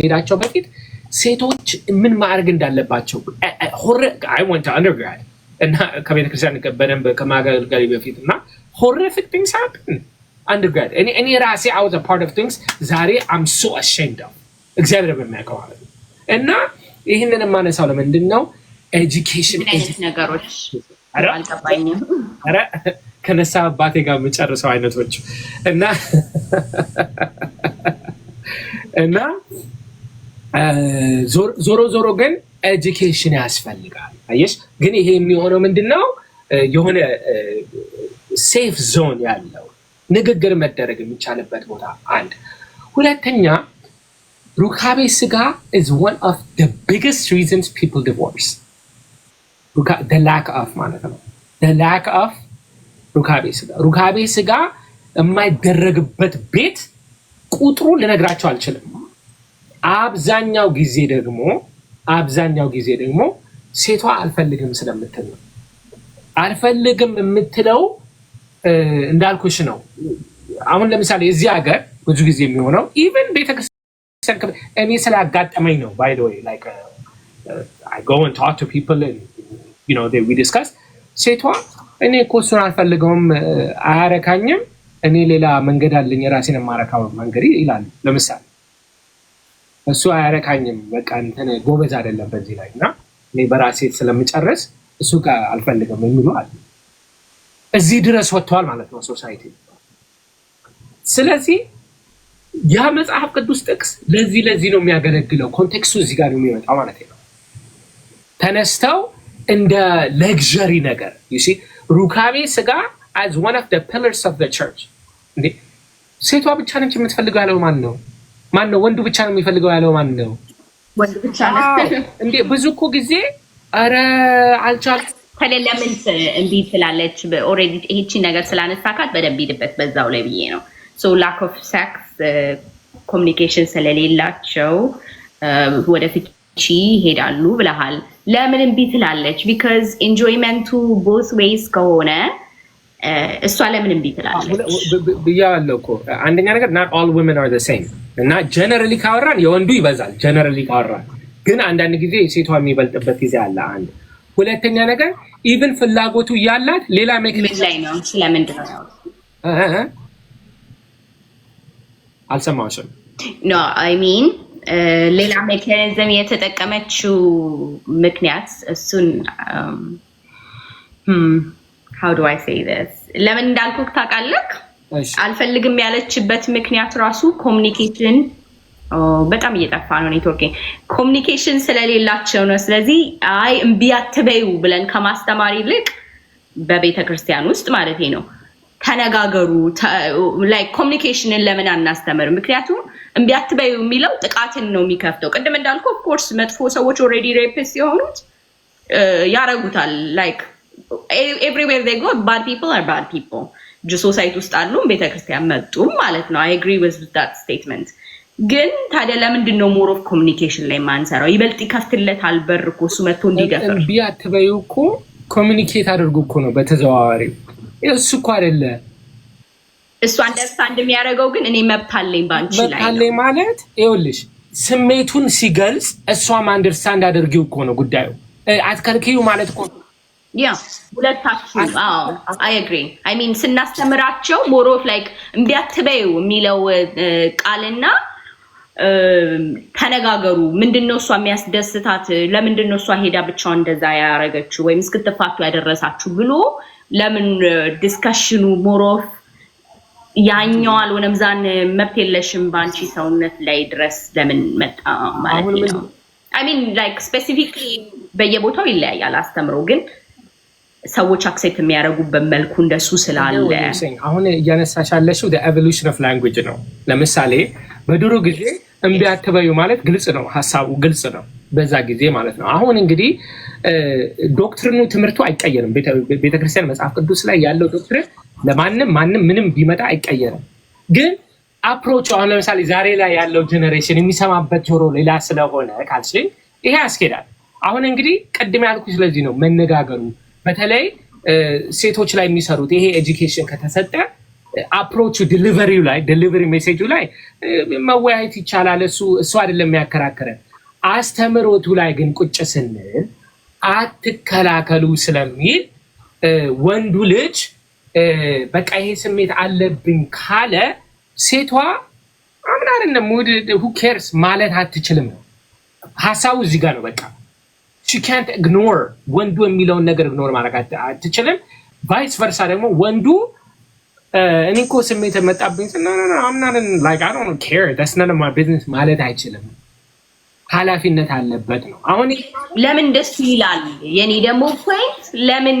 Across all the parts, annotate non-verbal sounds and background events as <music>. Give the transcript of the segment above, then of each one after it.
ከመሄዳቸው በፊት ሴቶች ምን ማድረግ እንዳለባቸው እና ከቤተክርስቲያን በደንብ ከማገልገል በፊት እና ሆሪፊክ ቲንግስ ሀፕን አንደርግራድ እኔ ራሴ አውዝ ፓርት ኦፍ ቲንግስ ዛሬ አም ሶ አሸምድ እግዚአብሔር በሚያውቀው ማለት ነው። እና ይህንን የማነሳው ለምንድን ነው? ኤጁኬሽን ነገሮች አልገባኝም። ከነሳ አባቴ ጋር የምጨርሰው አይነቶች እና እና ዞሮ ዞሮ ግን ኤጁኬሽን ያስፈልጋል። አየሽ ግን ይሄ የሚሆነው ምንድን ነው? የሆነ ሴፍ ዞን ያለው ንግግር መደረግ የሚቻልበት ቦታ አንድ። ሁለተኛ ሩካቤ ስጋ ኢዝ ዋን ኦፍ ደ ቢግስት ሪዝንስ ፒፕል ዲቮርስ ላክ ኦፍ ማለት ነው። ላክ ኦፍ ሩካቤ ስጋ ሩካቤ ስጋ የማይደረግበት ቤት ቁጥሩ ልነግራቸው አልችልም። አብዛኛው ጊዜ ደግሞ አብዛኛው ጊዜ ደግሞ ሴቷ አልፈልግም ስለምትል ነው። አልፈልግም የምትለው እንዳልኩሽ ነው። አሁን ለምሳሌ እዚህ ሀገር ብዙ ጊዜ የሚሆነው ኢቨን ቤተክርስቲያን እኔ ስላጋጠመኝ ነው። ባይ ዘ ወይ ላይክ አይ ጎ ኤንድ ታክ ቱ ፒፕል ዩ ኖ ዊ ዲስካስ ሴቷ እኔ እኮ እሱን አልፈልገውም፣ አያረካኝም፣ እኔ ሌላ መንገድ አለኝ፣ የራሴን የማረካው መንገድ ይላል ለምሳሌ እሱ አያረካኝም። በቃ እንትን ጎበዝ አይደለም በዚህ ላይ እና እኔ በራሴ ስለምጨርስ እሱ ጋር አልፈልግም የሚሉ አለ። እዚህ ድረስ ወጥተዋል ማለት ነው ሶሳይቲ። ስለዚህ ያ መጽሐፍ ቅዱስ ጥቅስ ለዚህ ለዚህ ነው የሚያገለግለው። ኮንቴክስቱ እዚህ ጋር ነው የሚመጣው ማለት ነው። ተነስተው እንደ ለግዠሪ ነገር ሩካቤ ስጋ አዝ ዋን ኦፍ ፒለርስ ኦፍ ቸርች። ሴቷ ብቻ ነች የምትፈልገው ያለው ማን ነው? ማን ነው ወንዱ ብቻ ነው የሚፈልገው ያለው ማን ነው? ወንዱ ብቻ ነው እንዴ? ብዙ እኮ ጊዜ አረ አልቻል ከሌለ ምን እንቢ ስላለች ኦልሬዲ ይህቺ ነገር ስላነሳካት በደንብ ሂድበት በዛው ላይ ብዬ ነው። ሶ ላክ ኦፍ ሴክስ ኮሚኒኬሽን ስለሌላቸው uh, ወደ ፍቺ ይሄዳሉ ብለሃል። ለምን እንቢ ትላለች? ቢካዝ ኢንጆይመንቱ ቦስ ዌይስ ከሆነ እሷ ለምን እምቢ ትላለች ብያለሁ እኮ። አንደኛ ነገር ናት ኦል ዊመን አር ዘ ሴም እና ጀነራሊ ካወራን የወንዱ ይበዛል። ጀነራሊ ካወራን ግን አንዳንድ ጊዜ ሴቷ የሚበልጥበት ጊዜ አለ። አንድ ሁለተኛ ነገር ኢቭን ፍላጎቱ እያላት ሌላ ሜካኒዝም ላይ ነው። ስለምንድነው ነው አልሰማሁሽም? ኖ አይ ሚን ሌላ ሜካኒዝም የተጠቀመችው ምክንያት እሱን ሀው ዱ አይ ሴይ ዚስ ለምን እንዳልኩህ ታውቃለህ? አልፈልግም ያለችበት ምክንያት ራሱ ኮሚኒኬሽን በጣም እየጠፋ ነው። ኔትወርክ ኮሚኒኬሽን ስለሌላቸው ነው። ስለዚህ አይ እምቢ አትበዩ ብለን ከማስተማር ይልቅ በቤተ ክርስቲያን ውስጥ ማለት ነው ተነጋገሩ፣ ላይ ኮሚኒኬሽንን ለምን አናስተምርም? ምክንያቱም እምቢ አትበዩ የሚለው ጥቃትን ነው የሚከፍተው። ቅድም እንዳልኩ ኦፍኮርስ መጥፎ ሰዎች ኦልሬዲ ሬፕስ የሆኑት ያረጉታል ላይክ ኤቭሪዌር ጎ ባድ ፒፕል አር ባድ ፒፕል እጅ ሶሳይቲ ውስጥ አሉም ቤተክርስቲያን መጡም ማለት ነው። አይ አግሪ ዊዝ ዳት ስቴትመንት። ግን ታዲያ ለምንድን ነው ሞር ኦፍ ኮሚኒኬሽን ላይ ማንሰራው? ይበልጥ ይከፍትለታል በር እኮ እሱ መጥቶ እንዲደፍር እምቢ አትበይው እኮ ኮሚኒኬት አድርጉ እኮ ነው በተዘዋዋሪው። እሱ እኮ አይደለ እሱ አንደርስታንድ የሚያደርገው ግን እኔ መብት አለኝ ባንቺ ላይ መብት አለኝ ማለት ይኸውልሽ፣ ስሜቱን ሲገልጽ እሷም አንደርስታንድ አድርጊው እኮ ነው ጉዳዩ። አትከልክዩ ማለት እኮ ያ ሁለታችሁ አይ አግሪ አይ ሚን ስናስተምራቸው ሞሮፍ ላይክ እምቢ የሚለው ቃልና ተነጋገሩ። ምንድነው እሷ የሚያስደስታት? ለምንድነው እሷ ሄዳ ብቻዋን እንደዛ ያደረገችው ወይም እስክትፋቱ ያደረሳችሁ ብሎ ለምን ዲስከሽኑ ሞሮፍ ያኛው አልሆነም። ዛን መብት የለሽም በአንቺ ሰውነት ላይ ድረስ ለምን መጣ ማለት ነው። አይ ሚን ላይክ ስፔሲፊክሊ በየቦታው ይለያያል አስተምሮ ግን ሰዎች አክሴፕት የሚያደርጉበት መልኩ እንደሱ ስላለ አሁን እያነሳሽ ያለሽው ኤቮሉሽን ኦፍ ላንጉጅ ነው። ለምሳሌ በድሮ ጊዜ እምቢ አትበዩ ማለት ግልጽ ነው፣ ሀሳቡ ግልጽ ነው፣ በዛ ጊዜ ማለት ነው። አሁን እንግዲህ ዶክትሪኑ ትምህርቱ አይቀየርም። ቤተክርስቲያን መጽሐፍ ቅዱስ ላይ ያለው ዶክትሪን ለማንም ማንም ምንም ቢመጣ አይቀየርም። ግን አፕሮቹ አሁን ለምሳሌ ዛሬ ላይ ያለው ጀኔሬሽን የሚሰማበት ጆሮ ሌላ ስለሆነ ካልሽኝ ይሄ ያስኬዳል። አሁን እንግዲህ ቅድም ያልኩ ስለዚህ ነው መነጋገሩ በተለይ ሴቶች ላይ የሚሰሩት ይሄ ኤጁኬሽን ከተሰጠ አፕሮቹ ዲሊቨሪው ላይ ዲሊቨሪ ሜሴጁ ላይ መወያየት ይቻላል። እሱ እሱ አይደለም የሚያከራክረን። አስተምሮቱ ላይ ግን ቁጭ ስንል አትከላከሉ ስለሚል ወንዱ ልጅ በቃ ይሄ ስሜት አለብኝ ካለ ሴቷ አምናርነ ሙድ ሁኬርስ ማለት አትችልም ነው ሀሳቡ እዚህ ጋር ነው በቃ ካንት ኢግኖር ወንዱ የሚለውን ነገር ኢግኖር ማድረግ አትችልም። ቫይስ ቨርሳ ደግሞ ወንዱ እኔ እኮ ስሜት የመጣብኝ ቢዝነስ ማለት አይችልም። ኃላፊነት አለበት ነው። አሁን ለምን ደስ ይላል? የኔ ደግሞ ፖይንት ለምን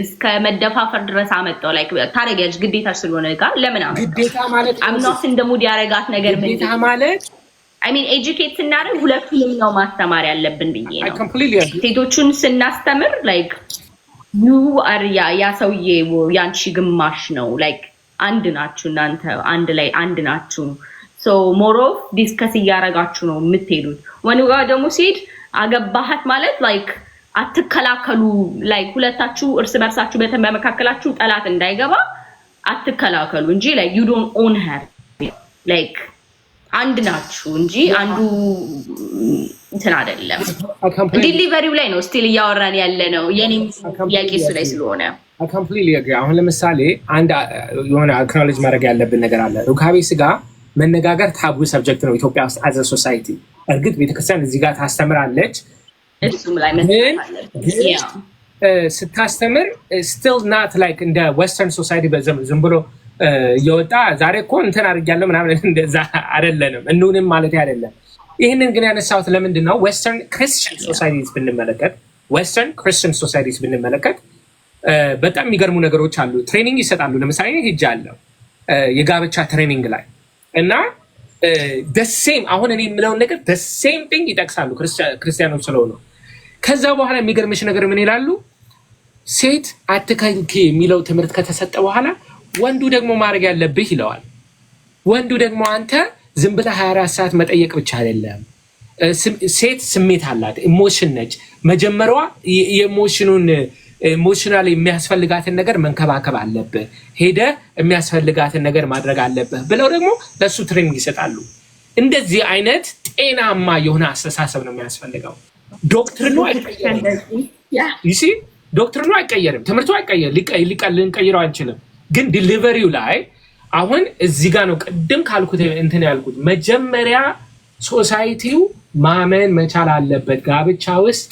እስከ መደፋፈር ድረስ አመጣው? ላይ ታደርጊያለሽ ግዴታ ስለሆነ ጋር ለምን አመጣው? ግዴታ ማለት አምናስን ደሙድ ያደረጋት ነገር ግዴታ ማለት አይ ሚን ኤጁኬት ስናደርግ ሁለቱንም ነው ማስተማር ያለብን ብዬ ነው። ሴቶቹን ስናስተምር ላይክ ዩ አር ያ ያ ሰውዬ ያንቺ ግማሽ ነው ላይክ አንድ ናችሁ እናንተ አንድ ላይ አንድ ናችሁ። ሶ ሞሮ ዲስከስ እያደረጋችሁ ነው የምትሄዱት። ወንዱ ጋር ደግሞ ሲሄድ አገባሃት ማለት ላይክ አትከላከሉ ላይክ ሁለታችሁ እርስ በርሳችሁ በተን በመካከላችሁ ጠላት እንዳይገባ አትከላከሉ እንጂ ላይክ ዩ ዶንት ኦን ሄር ላይክ አንድ ናችሁ እንጂ አንዱ እንትን አይደለም። ዲሊቨሪው ላይ ነው ስቲል እያወራን ያለ ነው። የኔም ጥያቄ እሱ ላይ ስለሆነ አሁን ለምሳሌ አንድ uh, የሆነ አክኖሎጅ ማድረግ ያለብን ነገር አለ። ሩካቤ ስጋ መነጋገር ታቡ ሰብጀክት ነው ኢትዮጵያ ውስጥ አዘ ሶሳይቲ። እርግጥ ቤተክርስቲያን እዚህ ጋር ታስተምራለች። uh, ስታስተምር ስቲል ናት ላይክ እንደ ወስተርን ሶሳይቲ ዝም ብሎ እየወጣ ዛሬ እኮ እንትን አድርጊያለሁ ምናምን <laughs> እንደዛ አይደለንም። እንሁንም ማለት አይደለም። ይህንን ግን ያነሳሁት ለምንድን ነው? ዌስተርን ክርስቲያን ሶሳይቲስ ብንመለከት ዌስተርን ክርስቲያን ሶሳይቲስ ብንመለከት በጣም የሚገርሙ ነገሮች አሉ። ትሬኒንግ ይሰጣሉ። ለምሳሌ ሂጅ አለው የጋብቻ ትሬኒንግ ላይ እና ደሴም አሁን እኔ የምለውን ነገር ደሴም ጥንግ ይጠቅሳሉ ክርስቲያኖች ስለሆኑ። ከዛ በኋላ የሚገርምሽ ነገር ምን ይላሉ? ሴት አትከልኪ የሚለው ትምህርት ከተሰጠ በኋላ ወንዱ ደግሞ ማድረግ ያለብህ ይለዋል። ወንዱ ደግሞ አንተ ዝም ብለህ 24 ሰዓት መጠየቅ ብቻ አይደለም። ሴት ስሜት አላት፣ ኢሞሽን ነች። መጀመሪያ የኢሞሽኑን ኢሞሽናል የሚያስፈልጋትን ነገር መንከባከብ አለብህ፣ ሄደህ የሚያስፈልጋትን ነገር ማድረግ አለብህ ብለው ደግሞ ለእሱ ትሬኒንግ ይሰጣሉ። እንደዚህ አይነት ጤናማ የሆነ አስተሳሰብ ነው የሚያስፈልገው። ዶክትሪኑ አይቀየርም፣ ዶክትሪኑ አይቀየርም፣ ትምህርቱ አይቀየርም፣ ልንቀይረው አንችልም። ግን ዲሊቨሪው ላይ አሁን እዚህ ጋር ነው ቅድም ካልኩት እንትን ያልኩት መጀመሪያ ሶሳይቲው ማመን መቻል አለበት። ጋብቻ ውስጥ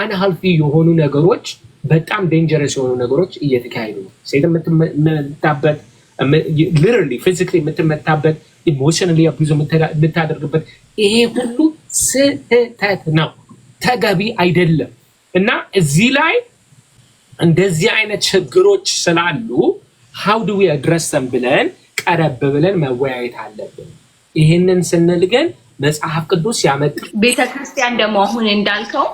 አንሀልፊ የሆኑ ነገሮች፣ በጣም ዴንጀረስ የሆኑ ነገሮች እየተካሄዱ ነው። ሴት የምትመታበት ሊተራሊ ፊዚካሊ የምትመታበት ኢሞሽናሊ አቢዙ የምታደርግበት ይሄ ሁሉ ስህተት ነው፣ ተገቢ አይደለም እና እዚህ ላይ እንደዚህ አይነት ችግሮች ስላሉ ሀው ዱ ዊ አድረስ ብለን ቀረብ ብለን መወያየት አለብን። ይህንን ስንል ግን መጽሐፍ ቅዱስ ያመጣ ቤተክርስቲያን ደግሞ አሁን እንዳልከው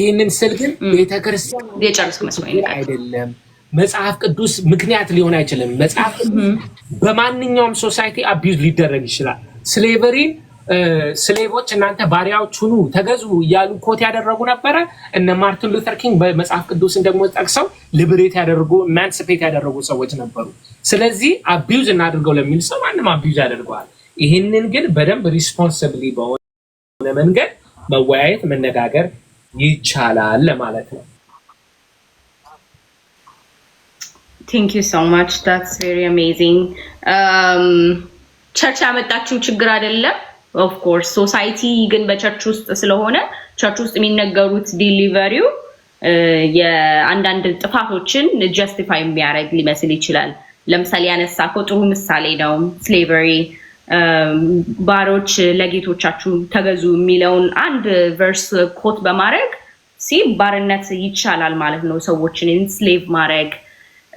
ይህንን ስል ግን ቤተክርስቲያን የጨርስ መስሎኝ አይደለም። መጽሐፍ ቅዱስ ምክንያት ሊሆን አይችልም። መጽሐፍ በማንኛውም ሶሳይቲ አቢዩዝ ሊደረግ ይችላል። ስሌቨሪን ስሌቦች እናንተ ባሪያዎች ሁኑ ተገዙ እያሉ ኮት ያደረጉ ነበረ። እነ ማርቲን ሉተር ኪንግ በመጽሐፍ ቅዱስን ደግሞ ጠቅሰው ልብሬት ያደርጉ ማንስፔት ያደረጉ ሰዎች ነበሩ። ስለዚህ አቢዩዝ እናድርገው ለሚል ሰው ማንም አቢዩዝ ያደርገዋል። ይህንን ግን በደንብ ሪስፖንስብሊ በሆነ መንገድ መወያየት መነጋገር ይቻላል ለማለት ነው። ቴንክ ዩ ሶ ማች ዳትስ ቬሪ አሜዚንግ ቸርች ያመጣችው ችግር አይደለም። ኦፍኮርስ ሶሳይቲ ግን በቸርች ውስጥ ስለሆነ ቸርች ውስጥ የሚነገሩት ዲሊቨሪው uh, የአንዳንድ ጥፋቶችን ጀስቲፋይ የሚያደርግ ሊመስል ይችላል። ለምሳሌ ያነሳከው ጥሩ ምሳሌ ነው። ስሌቨሪ um, ባሮች ለጌቶቻችሁ ተገዙ የሚለውን አንድ ቨርስ ኮት በማድረግ ሲ ባርነት ይቻላል ማለት ነው፣ ሰዎችን ኢንስሌቭ ማድረግ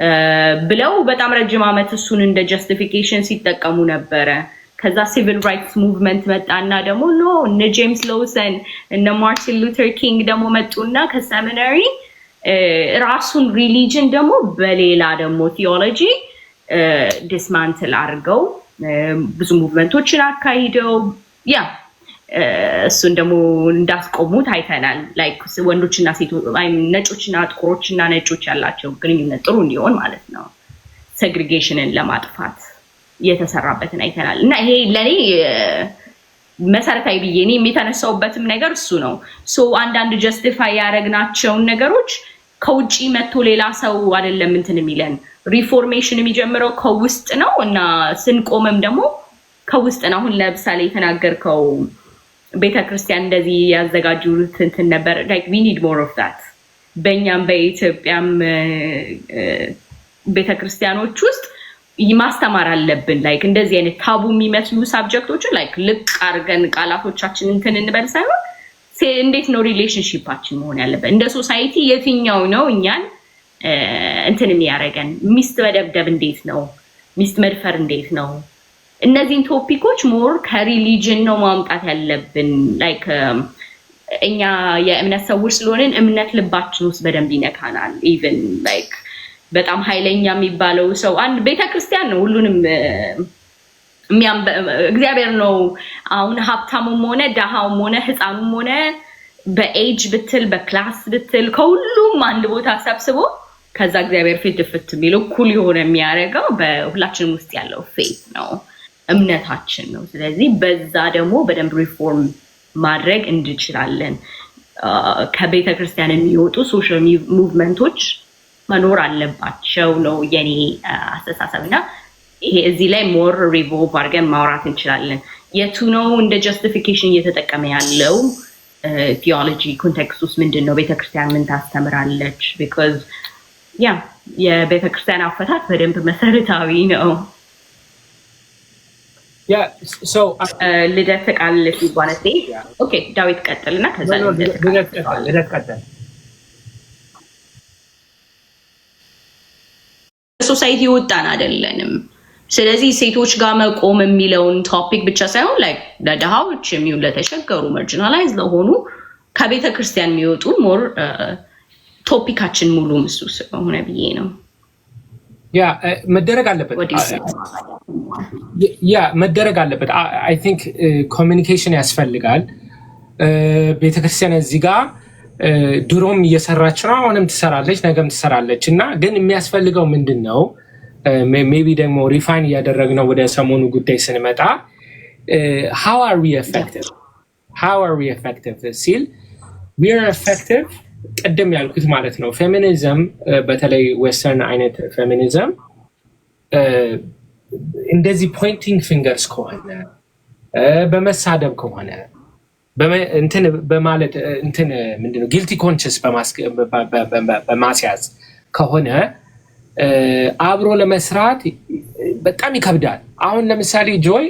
uh, ብለው በጣም ረጅም ዓመት እሱን እንደ ጀስቲፊኬሽን ሲጠቀሙ ነበረ። ከዛ ሲቪል ራይትስ ሙቭመንት መጣና ደግሞ ኖ እነ ጄምስ ሎውሰን እነ ማርቲን ሉተር ኪንግ ደግሞ መጡና ከሰሚናሪ ራሱን ሪሊጅን ደግሞ በሌላ ደግሞ ቲዮሎጂ ዲስማንትል አድርገው ብዙ ሙቭመንቶችን አካሂደው ያ እሱን ደግሞ እንዳስቆሙ ታይተናል። ላይክ ወንዶችና ሴቶች ነጮችና ጥቁሮችና ነጮች ያላቸው ግንኙነት ጥሩ እንዲሆን ማለት ነው፣ ሴግሪጌሽንን ለማጥፋት የተሰራበትን አይተናል። እና ይሄ ለእኔ መሰረታዊ ብዬ እኔም የተነሳውበትም ነገር እሱ ነው። ሶ አንዳንድ ጀስቲፋይ ያደረግናቸውን ነገሮች ከውጭ መጥቶ ሌላ ሰው አይደለም እንትን የሚለን ሪፎርሜሽን የሚጀምረው ከውስጥ ነው እና ስንቆምም ደግሞ ከውስጥ ነው። አሁን ለምሳሌ የተናገርከው ቤተክርስቲያን እንደዚህ ያዘጋጁት እንትን ነበር። ላይክ ዊ ኒድ ሞር ኦፍ ዳት በእኛም በኢትዮጵያም ቤተክርስቲያኖች ውስጥ ማስተማር አለብን። ላይክ እንደዚህ አይነት ታቡ የሚመስሉ ሳብጀክቶችን ላይክ ልቅ አድርገን ቃላቶቻችን እንትን እንበል ሳይሆን እንዴት ነው ሪሌሽንሺፓችን መሆን ያለበት እንደ ሶሳይቲ፣ የትኛው ነው እኛን እንትን የሚያደርገን? ሚስት መደብደብ እንዴት ነው? ሚስት መድፈር እንዴት ነው? እነዚህን ቶፒኮች ሞር ከሪሊጅን ነው ማምጣት ያለብን። ላይክ እኛ የእምነት ሰዎች ስለሆንን እምነት ልባችን ውስጥ በደንብ ይነካናል ኢቨን ላይክ በጣም ኃይለኛ የሚባለው ሰው አንድ ቤተክርስቲያን ነው ሁሉንም እግዚአብሔር ነው። አሁን ሀብታሙም ሆነ ደሃውም ሆነ ህፃኑም ሆነ በኤጅ ብትል በክላስ ብትል ከሁሉም አንድ ቦታ ሰብስቦ ከዛ እግዚአብሔር ፊት ድፍት የሚለው እኩል የሆነ የሚያደርገው በሁላችንም ውስጥ ያለው ፌት ነው፣ እምነታችን ነው። ስለዚህ በዛ ደግሞ በደንብ ሪፎርም ማድረግ እንችላለን። ከቤተክርስቲያን የሚወጡ ሶሻል ሙቭመንቶች መኖር አለባቸው ነው የኔ አስተሳሰብ። እና ይሄ እዚህ ላይ ሞር ሪቮልቭ አድርገን ማውራት እንችላለን። የቱ ነው እንደ ጀስቲፊኬሽን እየተጠቀመ ያለው ቲዮሎጂ ኮንቴክስት ውስጥ ምንድን ነው ቤተክርስቲያን ምን ታስተምራለች? ቢኮዝ ያ የቤተክርስቲያን አፈታት በደንብ መሰረታዊ ነው። uh, ልደት ቃል ዳዊት ቀጥልና ከዛ ልደት ቀጥል ሶሳይቲ ወጣን አይደለንም። ስለዚህ ሴቶች ጋር መቆም የሚለውን ቶፒክ ብቻ ሳይሆን ላይ ለድሃዎች የሚሆን ለተቸገሩ መርጅናላይዝ ለሆኑ ከቤተ ክርስቲያን የሚወጡ ሞር ቶፒካችን uh, ሙሉ ምሱ ስለሆነ ብዬ ነው። ያ uh, መደረግ አለበት፣ ያ uh, መደረግ አለበት። አይ ቲንክ ኮሚኒኬሽን ያስፈልጋል። ቤተክርስቲያን እዚህ ጋር ድሮም እየሰራች ነው። አሁንም ትሰራለች፣ ነገም ትሰራለች እና ግን የሚያስፈልገው ምንድን ነው? ሜቢ ደግሞ ሪፋይን እያደረግነው ወደ ሰሞኑ ጉዳይ ስንመጣ ሃው አር ዊ ኤፌክቲቭ ሃው አር ዊ ኤፌክቲቭ ሲል ዊ አር ኤፌክቲቭ ቅድም ያልኩት ማለት ነው። ፌሚኒዝም በተለይ ዌስተርን አይነት ፌሚኒዝም እንደዚህ ፖይንቲንግ ፊንገርስ ከሆነ በመሳደብ ከሆነ እንትን በማለት እንትን ጊልቲ ኮንሽስ በማስያዝ ከሆነ አብሮ ለመስራት በጣም ይከብዳል። አሁን ለምሳሌ ጆይ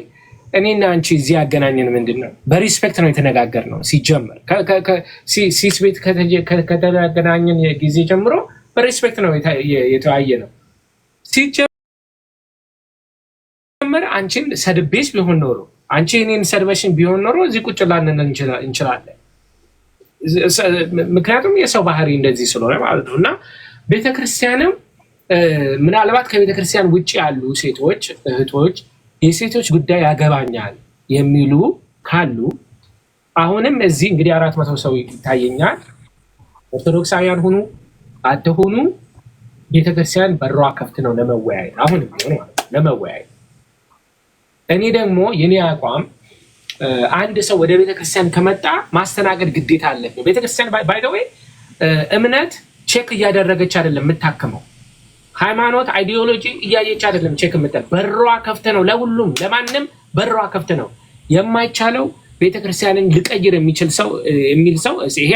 እኔና አንቺ እዚህ ያገናኘን ምንድን ነው? በሪስፔክት ነው የተነጋገርነው። ሲጀምር ሲስ ቤት ከተገናኘን ጊዜ ጀምሮ በሪስፔክት ነው የተወያየ ነው። ሲጀምር አንቺን ሰድቤስ ቢሆን ኖሮ አንቺ እኔን ሰድበሽን ቢሆን ኖሮ እዚህ ቁጭ ላንን እንችላለን። ምክንያቱም የሰው ባህሪ እንደዚህ ስለሆነ ማለት ነው። እና ቤተክርስቲያንም ምናልባት ከቤተክርስቲያን ውጭ ያሉ ሴቶች እህቶች የሴቶች ጉዳይ ያገባኛል የሚሉ ካሉ አሁንም እዚህ እንግዲህ አራት መቶ ሰው ይታየኛል። ኦርቶዶክሳውያን ሁኑ አትሁኑ ቤተክርስቲያን በሯ ከፍት ነው ለመወያየት አሁንም ለመወያየት እኔ ደግሞ የኔ አቋም አንድ ሰው ወደ ቤተክርስቲያን ከመጣ ማስተናገድ ግዴታ አለብህ። ቤተክርስቲያን ባይደዌ እምነት ቼክ እያደረገች አይደለም የምታክመው። ሃይማኖት አይዲዮሎጂ እያየች አይደለም ቼክ የምጠ በሯ ከፍት ነው ለሁሉም ለማንም በሯ ከፍት ነው። የማይቻለው ቤተክርስቲያንን ልቀይር የሚችል ሰው የሚል ሰው ይሄ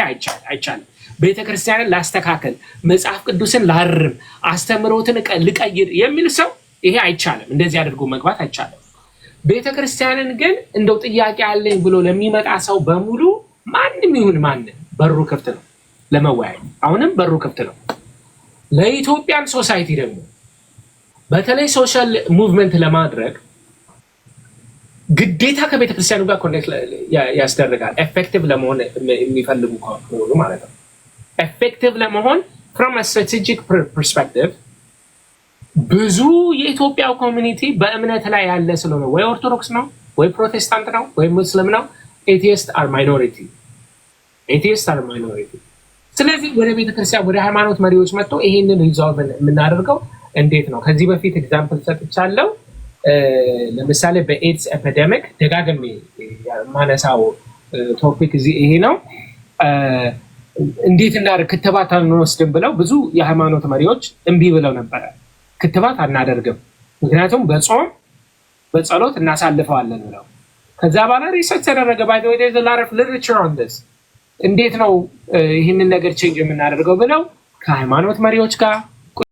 አይቻልም። ቤተክርስቲያንን ላስተካከል፣ መጽሐፍ ቅዱስን ላርም፣ አስተምሮትን ልቀይር የሚል ሰው ይሄ አይቻልም። እንደዚህ አድርጎ መግባት አይቻልም። ቤተ ክርስቲያንን ግን እንደው ጥያቄ አለኝ ብሎ ለሚመጣ ሰው በሙሉ ማንም ይሁን ማንም በሩ ክፍት ነው ለመወያየት። አሁንም በሩ ክፍት ነው። ለኢትዮጵያን ሶሳይቲ ደግሞ በተለይ ሶሻል ሙቭመንት ለማድረግ ግዴታ ከቤተ ክርስቲያኑ ጋር ኮኔክት ያስደርጋል። ኤፌክቲቭ ለመሆን የሚፈልጉ ከሆኑ ማለት ነው። ኤፌክቲቭ ለመሆን ፍሮም ስትራቴጂክ ፐርስፔክቲቭ ብዙ የኢትዮጵያ ኮሚኒቲ በእምነት ላይ ያለ ስለሆነ ወይ ኦርቶዶክስ ነው ወይ ፕሮቴስታንት ነው ወይ ሙስሊም ነው። ኤቲስት አር ማይኖሪቲ ኤቲስት አር ማይኖሪቲ። ስለዚህ ወደ ቤተክርስቲያን ወደ ሃይማኖት መሪዎች መጥቶ ይሄንን ሪዞልቭ የምናደርገው እንዴት ነው? ከዚህ በፊት ኤግዛምፕል ሰጥቻለሁ። ለምሳሌ በኤድስ ኤፒደሚክ ደጋግሜ የማነሳው ቶፒክ እዚህ ይሄ ነው። እንዴት እንዳደርግ ክትባት አንወስድም ብለው ብዙ የሃይማኖት መሪዎች እምቢ ብለው ነበረ። ክትባት አናደርግም፣ ምክንያቱም በጾም በጸሎት እናሳልፈዋለን ብለው ከዛ በኋላ ሪሰርች ተደረገ። ባይ ወይ ንስ እንዴት ነው ይህንን ነገር ቼንጅ የምናደርገው ብለው ከሃይማኖት መሪዎች ጋር